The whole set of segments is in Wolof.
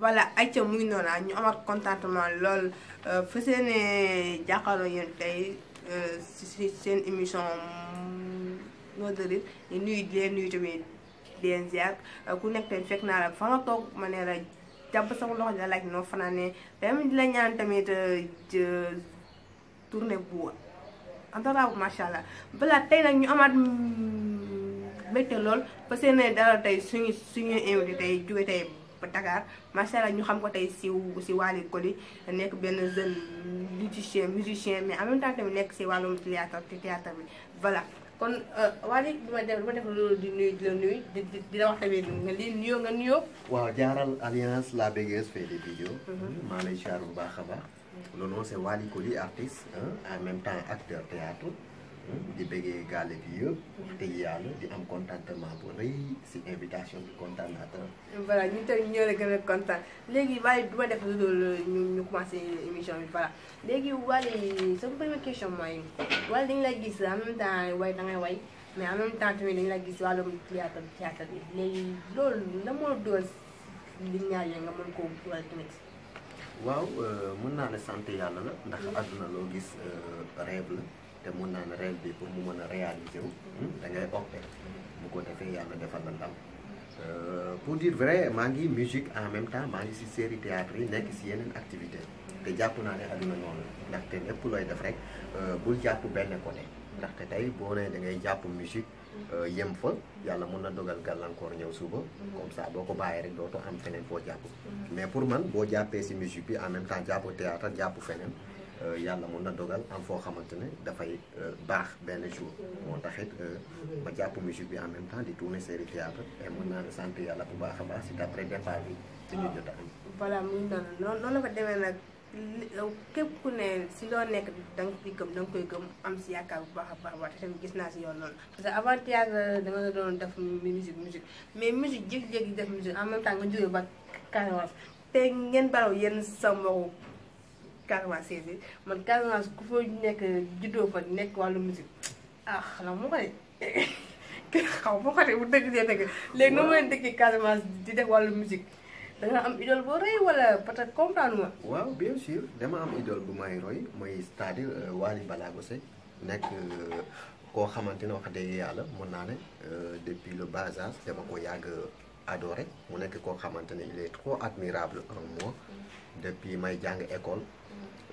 voilà ayca muy noona ñu amaat contentement lool euh, fa seene jàkkaarloo yéen tey euh, si seen émission Mode de Rire tamit di leen euh, ku nekk tamit fekk naa la fa toog ma ne la jàpp sama loxo dina laaj noo fanaane tamit di la ñaan tamit tournée bu antara bu macha allah voilà tey nag ñu amaat mbégte lool fa seene dara tey suñu suñu invité tey jóge tey Dakar macha allah ñu xam ko tay si si Wally Coly nekk benn jeune musicien musicien mais en même temps tamit nek ci walum théâtre théâtre bi voilà. kon euh, Wally bi def bi def loolu di nuy di la nuyu di di la wax tamit nga lii nuyoo nga waaw jaaral alliance la bégueuse fait des vidéos. Mhm. ma lay ziar bu baax a le nom c'est Wally Coly artiste hein, en même temps acteur théâtre. di bëggee gaale bi yëpp wax yàlla di am contentement bu rëy si invitation bi kontaan naa trop. voilà ñun tamit ñoo la gën a kontaan léegi waaye du ma def lu dul ñu ñu commencé émission bi voilà léegi wala sama première question mooy wala dañu la gis en même temps way da ngay way mais en même temps tamit dañu la gis wàllum théâtre théâtre bi mën waaw euh, mën naa la sant yàlla la ndax àdduna loo gis euh, rêve la. Hmm? te mun naa ne rêve bi pour mu mën a réaliser wu da ngay opté bu ko defee yàlla defal la ndam pour dire vrai maa ngi musique en même temps maa ngi si série théâtre yi nekk si yeneen activité te jàpp naa ne àdduna noonu la ndaxte lépp looy def rek bul jàpp benn côté ndaxte tey boo nee da ngay jàpp musique yem fa yàlla mun na dogal gàllankoor ñëw suba comme ça boo ko rek to am fenen fo jàpp mais pour man boo jàppee si musique bi en même temps théâtre Euh, yàlla mun na dogal am foo xamante ne dafay euh, baax benn jour moo taxit ma euh, jàpp musique bi en même temps di tourner série théâtre et mun bu baax a baax si d'après départ a am. voilà muy noonu noonu la ko képp ku ne si loo nekk da nga koy gëm da koy gëm am si yaakaar bu gis naa si yoon noonu parce que doon def musique musique mais musique jékki-jékki def musique en même temps nga jógee ba Casamance te ngeen baraw yenn sa mbokku. Casamance séeréer man Casamance ku fa nekk juddoo fa nekk wàllu musique ah xanaa mu ko de xaw ma ko de bu dëgg dëgg léegi noo leen dëkkee Casamance di def wàllu musique da nga am idole boo rëy wala peut-être comprendre ma. waaw bien sûr dama am idole bu may roy mooy c'est-à-dire euh, Wally Ballago nekk euh, koo xamante ne wax dëgg yàlla mën naa ne euh, depuis le bas âge dama ko yàgg adoré mu nekk koo xamante ne il est trop admirable en moi mm. depuis may jàng école.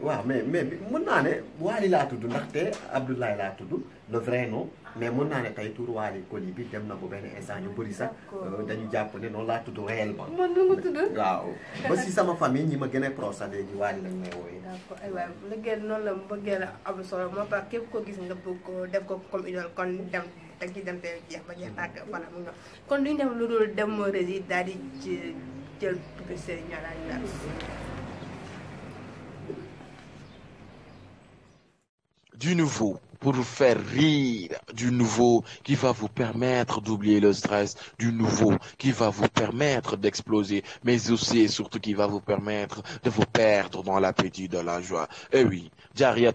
waaw mais mais mën naa ne Waly laa tuddu ndax ndaxte Abdoulaye laa tudd le mais mun naa ne tey tur Waly Coly bi dem na bu benn instant ñu bëri sax euh, dañu jàpp ne noonu laa tudd réellement. man nu nga tudd. waaw ba si sama famille ñi ma gën a proche sax léegi Waly lañ may wooyee. d'accord aywa liggéey noonu solo moo tax képp ko gis nga bëgg ko def ko comme idole kon dem teg ci dem te jeex ba jeex tàkk voilà mu ngi kon duñ def lu dul dem rési daal di ci jël publicité ñoo du nouveau pour vous faire rire du nouveau qui va vous permettre d'oublier le stress du nouveau qui va vous permettre d'exploser mais aussi et surtout qui va vous permettre de vous perdre dans l'appétit de la joie eh oui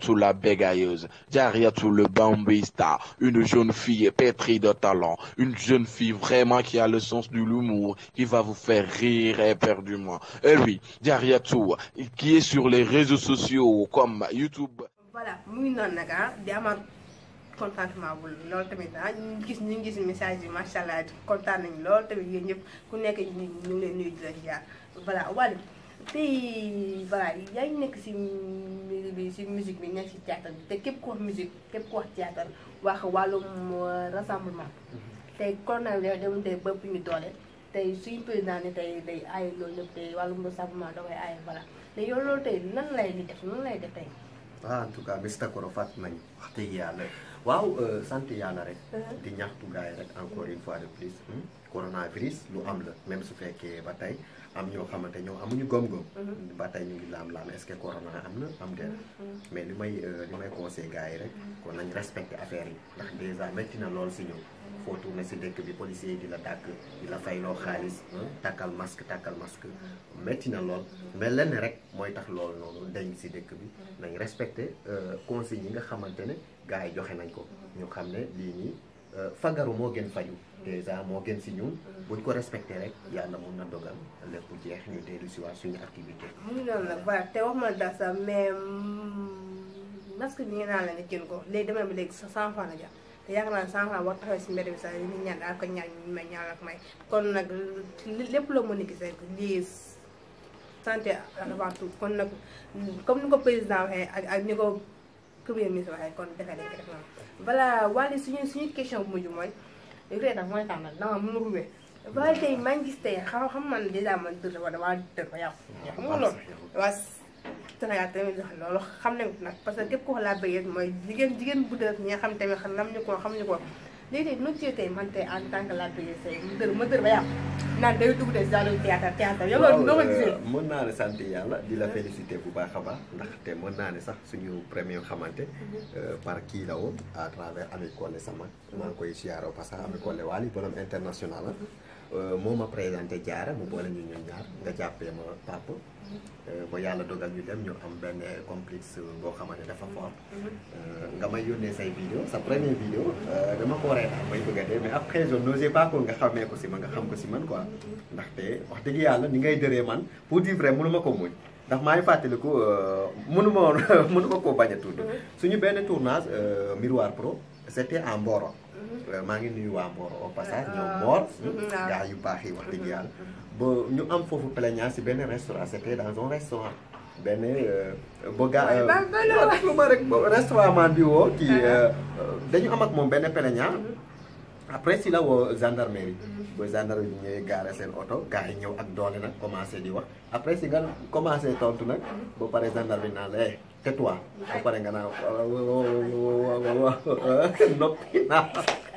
tout la bégayeuse tout le bambista une jeune fille pétrie de talent une jeune fille vraiment qui a le sens de l'humour qui va vous faire rire éperdument eh oui tout qui est sur les réseaux sociaux comme YouTube voilà muy noonu nag ah di amaat contentement bu loolu tamit ah ñu gis ñu ngi si message yi macha allah kontaan nañu lool tamit yéen ñëpp ku nekk ñu ngi leen nuyu di la ziar voilà Wally tey yaa ngi nekk si bi si musique bi nekk si te képp ku wax képp ku wax théâtre wax wàllum euh, rassemblement mhm. tey corona bi dem bëpp ñu doole tey suñu président ne tey loolu lépp tey da koy aaye voilà te yow loolu tey nan lay li def nan lay def tey. ah en tout cas Mister Koro fàtt nañu wax dëgg yàlla waaw uh, sant yàlla rek. Uh-huh. di ñaxtu gars yi rek encore une fois de plus. Hmm? coronavirus lu am la même su fekkee ba tey. am ñoo xamante ñoo amuñu góom-góom. Mhm. ba tey ñu ngi laam-laam est-ce que corona am na am déet. Mhm. mais li may euh, li may conseil gars yi rek mhm. kon nañ respecté affaire yi ndax déjà métti na lool si ñoom. foo tourné si dëkk bi policier di la dàkk di la loo xaalis takkal masque takkal masque métti na lool mais lenn rek mooy tax loolu noonu dañ si dëkk bi nañ respecté euh, consignes yi nga xamante ne gars yi joxe nañ ko ñu xam ne lii nii. Eh, fagaru moo gën faju dèjà moo gën si ñun buñ ko respecté rek yàlla mun na dogal lépp jeex ñu dellu si waat suñu activité. mun na la voilà te wax ma daal sax mais mm, masque bi ñu naan la sa cent francs la jar ne daal ko ñaan ñu kon nag lépp loo mën a gis rek lii santé avant tout kon nag comme ni ko président waxee ak ni ko. premier ministre waxee kon defee nañ ko def noonu voilà Wally suñu suñu question bu mujj mooy reetaan mooy tax nag dama mun waaye tey maa ngi gis tey xam xam man dèjà man dër wala waa dër ba yàqu xam nga loolu waa Sénégal tamit loolu xam nañ ko nag parce que képp ko la bëggee mooy jigéen jigéen bu def ñi nga xam tamit xam nam ñu ko xam ñu ko léeg-léeg noo ciy tey man tey en tant que l'actrice tey mëtër mëtër ba naan de genre théâtre théâtre yow loolu noo ko gisee mën naa ne sant yàlla di la féliciter bu baax a baax te mën naa ne sax suñu premier xamante par kii la woon à travers Ami Collé sama maa ngi koy siyaaroo parce que Ami Collé Wally borom international Euh, moo ma présenté jaara mu boole ñu ñun ñaar nga jàppee ma papa mm-hmm. euh, ba yàlla dogal ñu dem ñu am benn complexe boo xamante ne dafa fort mm-hmm. euh, nga may yónnee say vidéo sa première vidéo dama ko reetaan may bëgg a dee mais après je n'osais pas ko nga xamee ko si man nga xam ko si man quoi mm-hmm. ndaxte wax dëgg yàlla ni ngay dëree man pour dire vrai ma ko muñ ndax maa ngi fàttaliku mënu ma mënu ma koo bañ a tudd suñu benn tournage Miroir Pro c'était en Mboro maa ngi nuyu waa Mboor au passage ñoom ah. Mboor. gaa mm-hmm. hmm, ah. yu baax yi wax dëgg yàlla. Mm-hmm. Mm-hmm. ba ñu am foofu plaignance si benn restaurant c'était dans un restaurant. benn euh, ba gaa euh, ba rek restaurant bi woo kii ah. euh, dañu am moom benn plaignance. après ci la woo gendarmerie ba gendarmerie bi ñëwee gaare seen oto gars yi ñëw ak doole na commencé di wax après si nga commencé tontu nag ba pare gendarmerie na naan la eh tais-toi ba pare nga naan noppi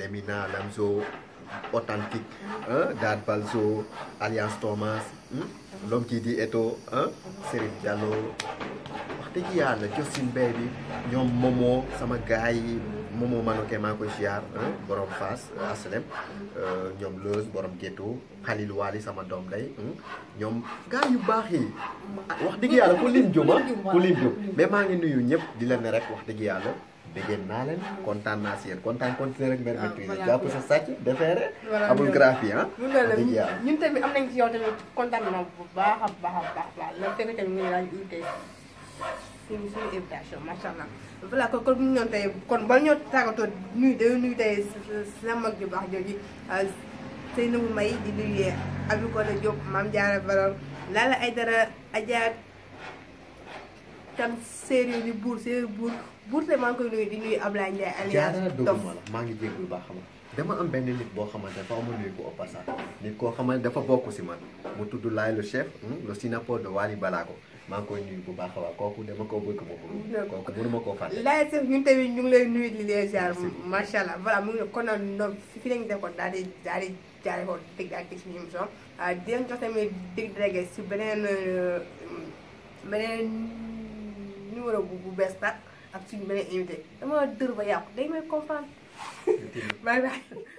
Lemina Lamzo Authentique Dad Balzo Alliance Thomas l'homme qui Eto Serigne Diallo wax dëgg yàlla Justin Bey bi ñoom Momo sama gaay yi Momo Manoké maa koy siyaar borom Fass aslem euh, ñoom Loos borom Gétto Khalil Wali sama doom day ñoom gaay yu baax wax dëgg yàlla ku lim juma ah, ku lim jum mais maa ngi nuyu ñëpp di la ne rek wax dëgg yàlla déggeen naa leen kontaan naa si yéen kontaan continué rek mère ah, maîtrise sa sàcc defeere amul graphie ah ñun tamit am nañ si yow tamit kontaan na bu baax a baax a baax baax loolu fekk tamit mu daañ invité suñu suñu invitation ñu doon tey kon bala ñoo tàggatoo nuyu day nuyu tey sa mag ju baax jooju ah, Seynabou May di nuyu Abi Kola Diop Mame Diarra Baral Lala Aïdara Adja tam séeréer yi buur séeréer buur Bourté maa ngi koy nuyu di nuyu Ablaye Ndiaye alias Dof maa ngi lu baax xam dama am benn nit boo xamante dafa ma nuyu ko au passage nit koo xamante dafa bokk si man mu tudd laay le chef hmm, le synapode de Wally Balago maa ngi koy nuyu bu baax a baax kooku dama ko bëgg ma bëgg kooku mënuma koo fàtte laay chef ñun tamit ñu ngi lay nuyu di leen ziar macha allah voilà mu ngi kon nag fi lañ def ko daal di daal di jaare ko tëg ak tëg suñu de di leen jox tamit dig ak suñu beneen invité dama dër ba yàqu day may comprendre. bye bye.